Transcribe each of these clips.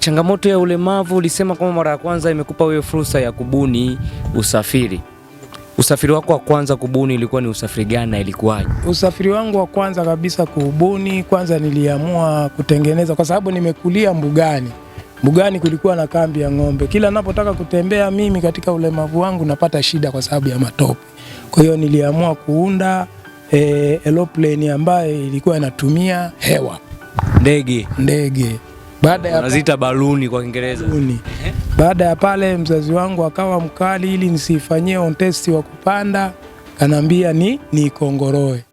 Changamoto ya ulemavu ulisema kama mara ya kwanza imekupa wewe fursa ya kubuni usafiri. Usafiri wako wa kwanza kubuni ilikuwa ni usafiri gani na ilikuwaje? Usafiri wangu wa kwanza kabisa kubuni, kwanza niliamua kutengeneza, kwa sababu nimekulia mbugani. Mbugani kulikuwa na kambi ya ng'ombe. Kila napotaka kutembea mimi katika ulemavu wangu napata shida kwa sababu ya matope. Kwa hiyo niliamua kuunda eh, aeroplane ambayo ilikuwa inatumia hewa, ndege ndege baada ya naziita baluni kwa Kiingereza. Baada ya pale mzazi wangu akawa mkali ili nisifanyie on test wa kupanda, kanaambia ni nikongoroe.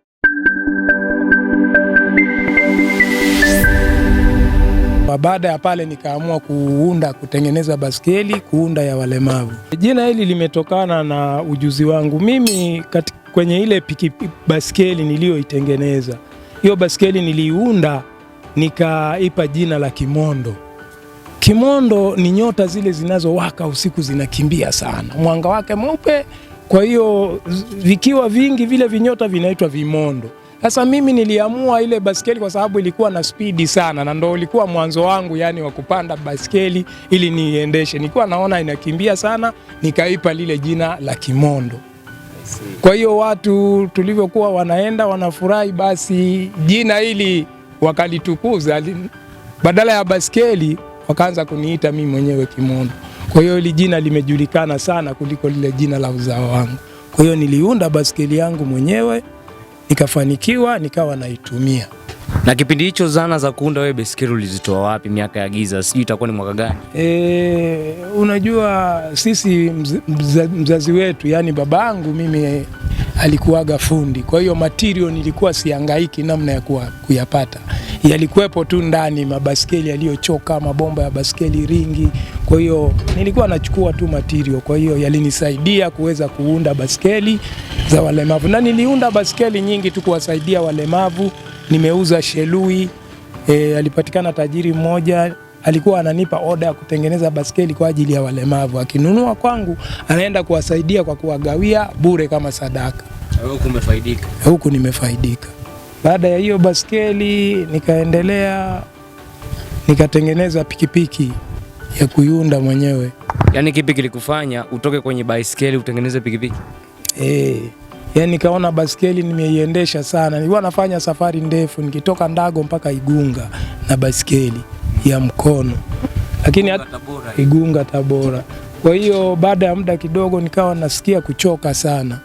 Baada ya pale nikaamua kuunda kutengeneza baskeli kuunda ya walemavu. Jina hili limetokana na ujuzi wangu mimi kwenye ile piki baskeli niliyoitengeneza hiyo baskeli niliunda nikaipa jina la kimondo. Kimondo ni nyota zile zinazowaka usiku, zinakimbia sana, mwanga wake mweupe. Kwa hiyo vikiwa vingi vile vinyota vinaitwa vimondo. Sasa mimi niliamua ile baskeli kwa sababu ilikuwa na spidi sana, na ndo ulikuwa mwanzo wangu yani wa kupanda baskeli ili niiendeshe. Nilikuwa naona inakimbia sana, nikaipa lile jina la Kimondo. Kwa hiyo watu tulivyokuwa wanaenda wanafurahi, basi jina hili wakalitukuza, badala ya baskeli wakaanza kuniita mimi mwenyewe Kimondo. Kwa hiyo hili jina limejulikana sana kuliko lile jina la uzao wangu. Kwa hiyo niliunda baskeli yangu mwenyewe nikafanikiwa, nikawa naitumia. Na kipindi hicho zana za kuunda wewe baskeli ulizitoa wapi? Miaka ya giza, sijui itakuwa ni mwaka gani? E, unajua sisi mz, mz, mzazi wetu, yani babangu mimi alikuaga fundi, kwa hiyo material nilikuwa siangaiki namna ya kuyapata, yalikuwepo tu ndani, mabaskeli yaliyochoka, mabomba ya baskeli, ringi. Kwa hiyo nilikuwa nachukua tu material, kwa hiyo yalinisaidia kuweza kuunda baskeli za walemavu, na niliunda baskeli nyingi tu kuwasaidia walemavu. Nimeuza shelui. E, alipatikana tajiri mmoja alikuwa ananipa oda ya kutengeneza baskeli kwa ajili ya walemavu. Akinunua kwangu, anaenda kuwasaidia kwa kuwagawia bure kama sadaka. Huku umefaidika? Huku nimefaidika. Baada ya hiyo baskeli, nikaendelea nikatengeneza pikipiki ya kuiunda mwenyewe. Yaani kipi kilikufanya utoke kwenye baiskeli utengeneze pikipiki? Eh, yaani nikaona baskeli nimeiendesha sana, nilikuwa nafanya safari ndefu nikitoka Ndago mpaka Igunga na baskeli ya mkono, lakini Igunga Tabora. Igunga Tabora. Kwa hiyo baada ya muda kidogo nikawa nasikia kuchoka sana,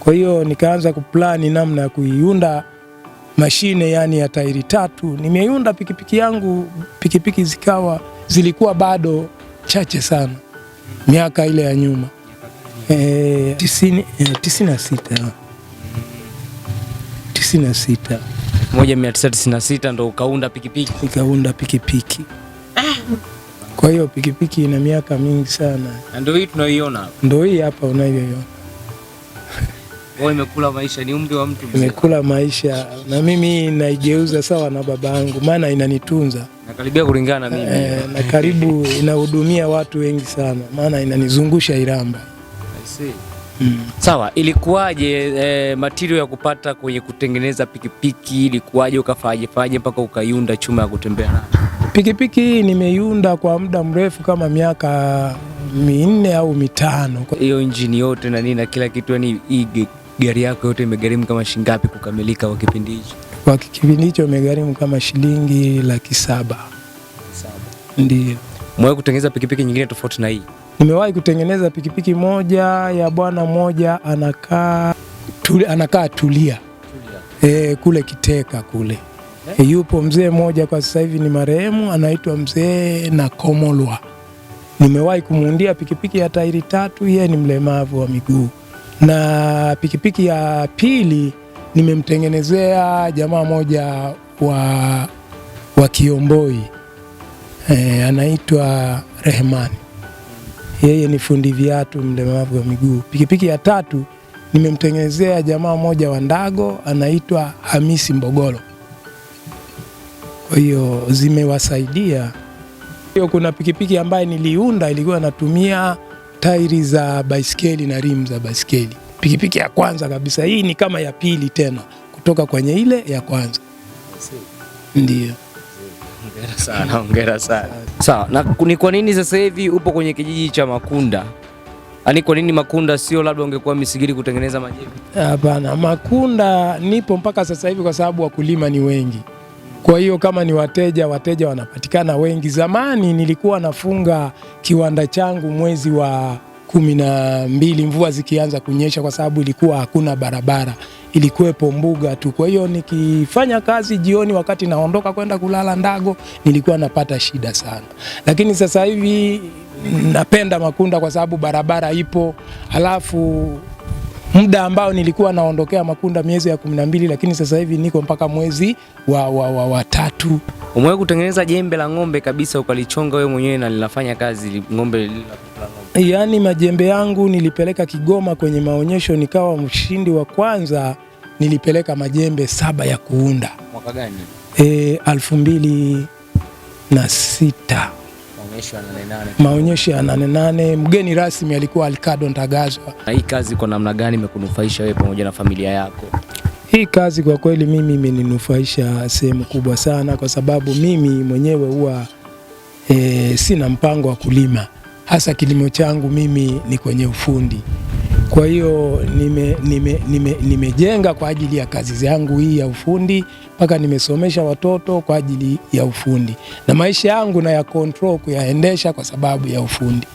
kwa hiyo nikaanza kuplani namna ya kuiunda mashine yani ya tairi tatu. Nimeiunda pikipiki yangu, pikipiki zikawa zilikuwa bado chache sana miaka ile ya nyuma eh, eh, tisini na sita tisini na sita 1996 ndo ukaunda pikipiki? Nikaunda pikipiki. Ah. Kwa hiyo pikipiki ina miaka mingi sana, Na ndio hii tunaiona hapa, ndio hii hapa unayoiona. Wewe Imekula maisha, ni umri wa mtu mzima. Imekula maisha na mimi naigeuza sawa na baba maana inanitunza na karibia kulingana na mimi Eh, na karibu inahudumia watu wengi sana, maana inanizungusha Iramba. I see mm. Sawa, ilikuwaje eh, matirio ya kupata kwenye kutengeneza pikipiki ilikuwaje, ukafanyaje mpaka ukaiunda chuma ya kutembea nayo? Pikipiki hii nimeiunda kwa muda mrefu kama miaka minne au mitano. Hiyo injini yote na nini na kila kitu, yani hii gari yako yote imegharimu kama shilingi ngapi kukamilika kwa kipindi hicho? Kwa kipindi hicho imegharimu kama shilingi laki saba. Ndiyo. Mwae kutengeneza pikipiki nyingine tofauti na hii? Nimewahi kutengeneza pikipiki moja ya bwana mmoja anakaa tuli, anakaa Tulia, tulia. E, kule Kiteka kule e, yupo mzee mmoja kwa sasa hivi ni marehemu anaitwa mzee Nakomolwa. Nimewahi kumuundia pikipiki ya tairi tatu, yeye ni mlemavu wa miguu, na pikipiki ya pili nimemtengenezea jamaa moja wa, wa Kiomboi e, anaitwa Rehemani yeye ni fundi viatu, mlemavu wa miguu. Pikipiki ya tatu nimemtengenezea jamaa mmoja wa Ndago anaitwa Hamisi Mbogolo. Kwa hiyo zimewasaidia. Hiyo kuna pikipiki ambayo niliunda ilikuwa natumia tairi za baiskeli na rimu za baiskeli. Pikipiki ya kwanza kabisa, hii ni kama ya pili tena kutoka kwenye ile ya kwanza. Ndio. Hongera sana, hongera sana. Sawa, na ni kwa nini sasa hivi upo kwenye kijiji cha Makunda? Yaani kwa nini Makunda sio labda ungekuwa Misigiri kutengeneza majengo? Hapana, Makunda nipo mpaka sasa hivi kwa sababu wakulima ni wengi. Kwa hiyo kama ni wateja, wateja wanapatikana wengi. Zamani nilikuwa nafunga kiwanda changu mwezi wa kumi na mbili mvua zikianza kunyesha, kwa sababu ilikuwa hakuna barabara, ilikuwepo mbuga tu. Kwa hiyo nikifanya kazi jioni, wakati naondoka kwenda kulala Ndago, nilikuwa napata shida sana, lakini sasa hivi napenda Makunda kwa sababu barabara ipo, alafu muda ambao nilikuwa naondokea Makunda miezi ya kumi na mbili, lakini sasa hivi niko mpaka mwezi wa, wa, wa, wa tatu. Umewahi kutengeneza jembe la ng'ombe kabisa ukalichonga wewe mwenyewe na linafanya kazi ng'ombe lila Yaani majembe yangu nilipeleka Kigoma kwenye maonyesho, nikawa mshindi wa kwanza. Nilipeleka majembe saba ya kuunda. Mwaka gani? E, alfu mbili na sita maonyesho ya nane nane. Mgeni rasmi alikuwa Alkado Ntagazwa. Na hii kazi kwa namna gani imekunufaisha wewe pamoja na familia yako? Hii kazi kwa kweli mimi imeninufaisha sehemu kubwa sana, kwa sababu mimi mwenyewe huwa e, sina mpango wa kulima hasa kilimo changu mimi ni kwenye ufundi. Kwa hiyo nimejenga nime, nime, nime kwa ajili ya kazi zangu hii ya ufundi mpaka nimesomesha watoto kwa ajili ya ufundi, na maisha yangu na ya control kuyaendesha kwa sababu ya ufundi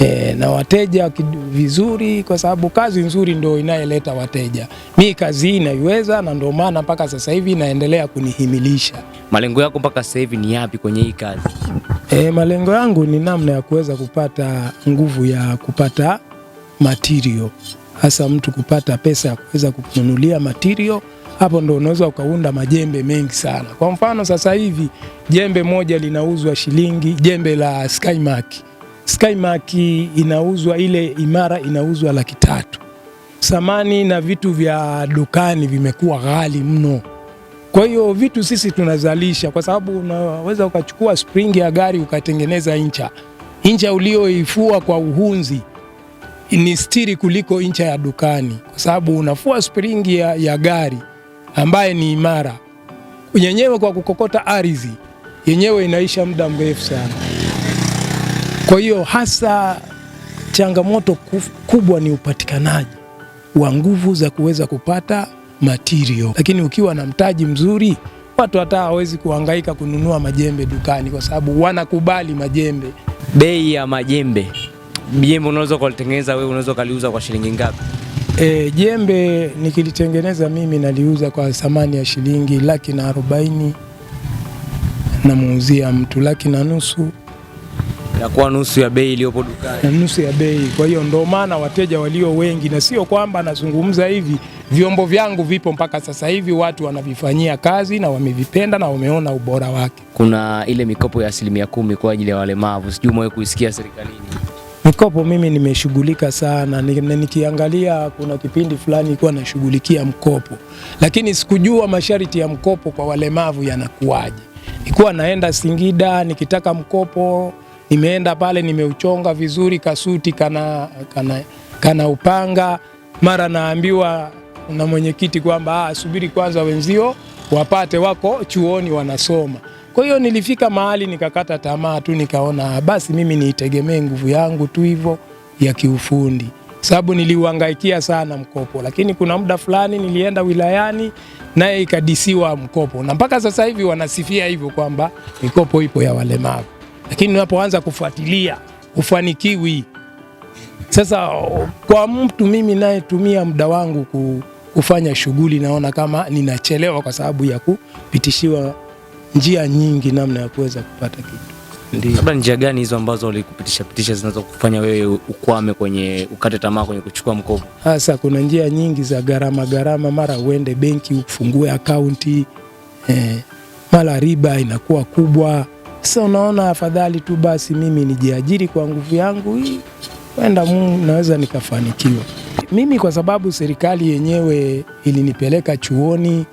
e, na wateja vizuri, kwa sababu kazi nzuri ndio inayeleta wateja. Mi kazi hii naiweza, na ndio maana mpaka sasa hivi naendelea kunihimilisha. Malengo yako mpaka sasa hivi ni yapi kwenye hii kazi? E, malengo yangu ni namna ya kuweza kupata nguvu ya kupata material, hasa mtu kupata pesa ya kuweza kununulia material hapo ndo unaweza ukaunda majembe mengi sana. Kwa mfano sasa hivi jembe moja linauzwa shilingi, jembe la Skymark Skymark inauzwa ile imara inauzwa laki tatu. Samani na vitu vya dukani vimekuwa ghali mno. Kwa hiyo vitu sisi tunazalisha, kwa sababu unaweza ukachukua springi ya gari ukatengeneza incha incha ulioifua kwa uhunzi ni stiri kuliko incha ya dukani, kwa sababu unafua springi ya, ya gari ambaye ni imara yenyewe, kwa kukokota ardhi yenyewe inaisha muda mrefu sana. Kwa hiyo hasa changamoto kubwa ni upatikanaji wa nguvu za kuweza kupata material, lakini ukiwa na mtaji mzuri watu hata hawezi kuhangaika kununua majembe dukani kwa sababu wanakubali majembe. Bei ya majembe, jembe unaweza ukalitengeneza wewe, unaweza ukaliuza kwa shilingi ngapi? E, jembe nikilitengeneza mimi naliuza kwa thamani ya shilingi laki na arobaini, namuuzia mtu laki na nusu inakuwa nusu ya bei iliyopo dukani, nusu ya bei. Kwa hiyo ndio maana wateja walio wengi, na sio kwamba nazungumza hivi, vyombo vyangu vipo mpaka sasa hivi, watu wanavifanyia kazi na wamevipenda na wameona ubora wake. Kuna ile mikopo ya asilimia kumi kwa ajili ya walemavu, sijui umewahi kuisikia serikalini? Mikopo mimi nimeshughulika sana, nikiangalia kuna kipindi fulani ilikuwa nashughulikia mkopo, lakini sikujua masharti ya mkopo kwa walemavu yanakuwaje. Nilikuwa naenda Singida nikitaka mkopo Nimeenda pale nimeuchonga vizuri kasuti kana, kana, kana upanga. Mara naambiwa na mwenyekiti kwamba ah, subiri kwanza wenzio wapate, wako chuoni wanasoma. Kwa hiyo nilifika mahali nikakata tamaa tu, nikaona ah, basi mimi niitegemee nguvu yangu tu hivyo ya kiufundi, sababu niliuhangaikia sana mkopo. Lakini kuna muda fulani nilienda wilayani, naye ikadisiwa mkopo, na mpaka sasa hivi wanasifia hivyo kwamba mikopo ipo ya walemavu lakini unapoanza kufuatilia ufanikiwi. Sasa kwa mtu mimi nayetumia muda wangu kufanya shughuli, naona kama ninachelewa kwa sababu ya kupitishiwa njia nyingi namna ya kuweza kupata kitu. Labda njia gani hizo ambazo walikupitisha pitisha zinazo kufanya wewe ukwame kwenye ukate tamaa kwenye kuchukua mkopo? Hasa kuna njia nyingi za gharama gharama, mara uende benki ufungue akaunti eh, mara riba inakuwa kubwa. Sasa unaona, afadhali tu basi mimi nijiajiri kwa nguvu yangu hii, kwenda Mungu naweza nikafanikiwa. Mimi kwa sababu serikali yenyewe ilinipeleka chuoni,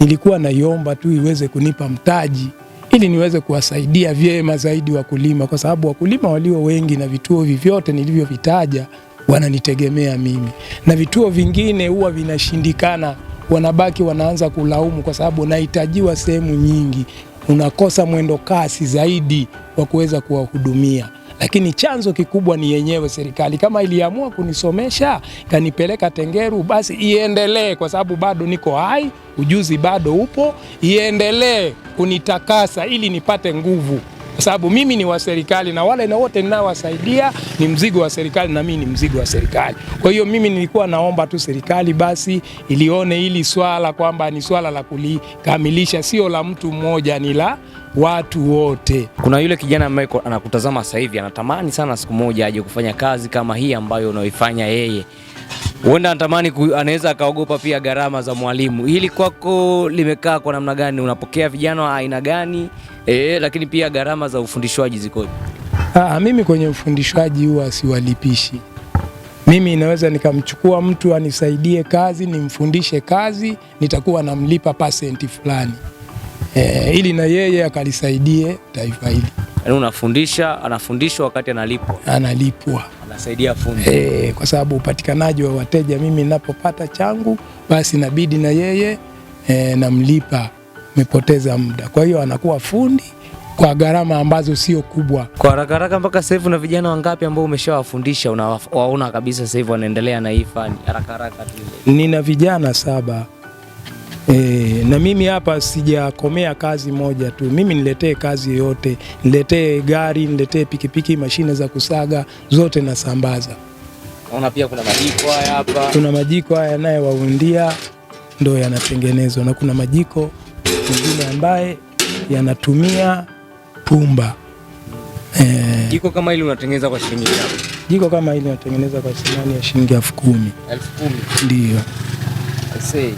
nilikuwa naiomba tu iweze kunipa mtaji ili niweze kuwasaidia vyema zaidi wakulima, kwa sababu wakulima walio wengi na vituo hivi vyote nilivyovitaja wananitegemea mimi, na vituo vingine huwa vinashindikana, wanabaki wanaanza kulaumu, kwa sababu nahitajiwa sehemu nyingi unakosa mwendo kasi zaidi wa kuweza kuwahudumia lakini chanzo kikubwa ni yenyewe serikali. Kama iliamua kunisomesha kanipeleka Tengeru, basi iendelee, kwa sababu bado niko hai, ujuzi bado upo, iendelee kunitakasa ili nipate nguvu kwa sababu mimi ni wa serikali na wale na wote ninawasaidia ni mzigo wa serikali na mimi ni mzigo wa serikali. Kwa hiyo mimi nilikuwa naomba tu serikali basi ilione hili swala kwamba ni swala la kulikamilisha, sio la mtu mmoja, ni la watu wote. Kuna yule kijana ambaye anakutazama sasa hivi anatamani sana siku moja aje kufanya kazi kama hii ambayo unaoifanya yeye. Huenda anatamani anaweza akaogopa pia gharama za mwalimu. Hili kwako limekaa kwa namna gani? Unapokea vijana wa aina gani? E, lakini pia gharama za ufundishwaji zikoje? Ah, ah mimi kwenye ufundishwaji huwa siwalipishi. Mimi inaweza nikamchukua mtu anisaidie kazi, nimfundishe kazi, nitakuwa namlipa pasenti fulani e, ili na yeye akalisaidie taifa hili. Yaani unafundisha, anafundishwa wakati analipwa, analipwa saidia fundi e, kwa sababu upatikanaji wa wateja, mimi ninapopata changu basi inabidi na yeye e, namlipa, mepoteza muda. Kwa hiyo anakuwa fundi kwa gharama ambazo sio kubwa. Kwa haraka haraka, mpaka sasa hivi na vijana wangapi ambao umeshawafundisha unawaona kabisa sasa hivi wanaendelea na hii fani haraka haraka tu? Nina vijana saba na mimi hapa sijakomea kazi moja tu. Mimi niletee kazi yote, niletee gari, niletee pikipiki, mashine za kusaga zote nasambaza. Ona pia kuna majiko haya hapa, kuna majiko haya naye waundia ndo yanatengenezwa, na kuna majiko mengine ambaye yanatumia pumba. Eh, jiko kama hili unatengeneza kwa shilingi ngapi? Jiko kama hili unatengeneza kwa thamani ya shilingi elfu kumi. Elfu kumi. Ndio. I see.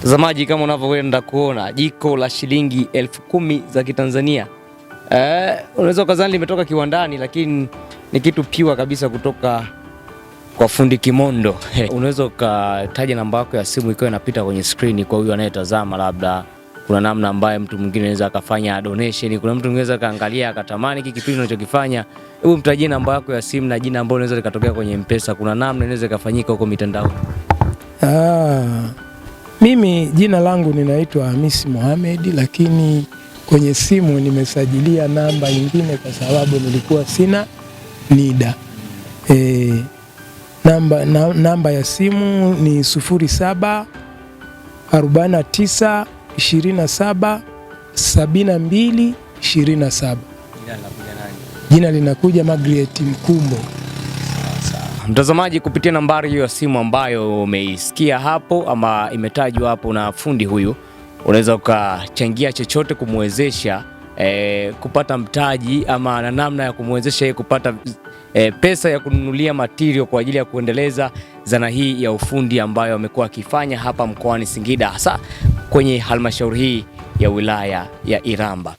Mtazamaji, kama unavyoenda kuona jiko la shilingi elfu kumi za Kitanzania eh, unaweza ukazani limetoka kiwandani, lakini ni kitu piwa kabisa kutoka kwa fundi Kimondo. Eh, unaweza ukataja namba yako ya simu ikiwa inapita kwenye skrini kwa huyo anayetazama, labda kuna namna ambaye mtu mwingine anaweza akafanya donation, kuna mtu mwingine anaweza akaangalia akatamani hiki kipindi unachokifanya. Hebu mtajie namba yako ya simu na jina ambalo unaweza likatokea kwenye Mpesa, kuna namna inaweza ikafanyika huko mitandao Ah. Mimi jina langu ninaitwa Hamisi Mohamed, lakini kwenye simu nimesajilia namba nyingine kwa sababu nilikuwa sina NIDA. E, namba, na, namba ya simu ni 07 49 27 Jina linakuja Magreti Mkumbo. Mtazamaji, kupitia nambari hiyo ya simu ambayo umeisikia hapo ama imetajwa hapo na fundi huyu, unaweza ukachangia chochote kumwezesha e, kupata mtaji ama na namna ya kumwezesha yeye kupata e, pesa ya kununulia material kwa ajili ya kuendeleza zana hii ya ufundi ambayo amekuwa akifanya hapa mkoani Singida, hasa kwenye halmashauri hii ya wilaya ya Iramba.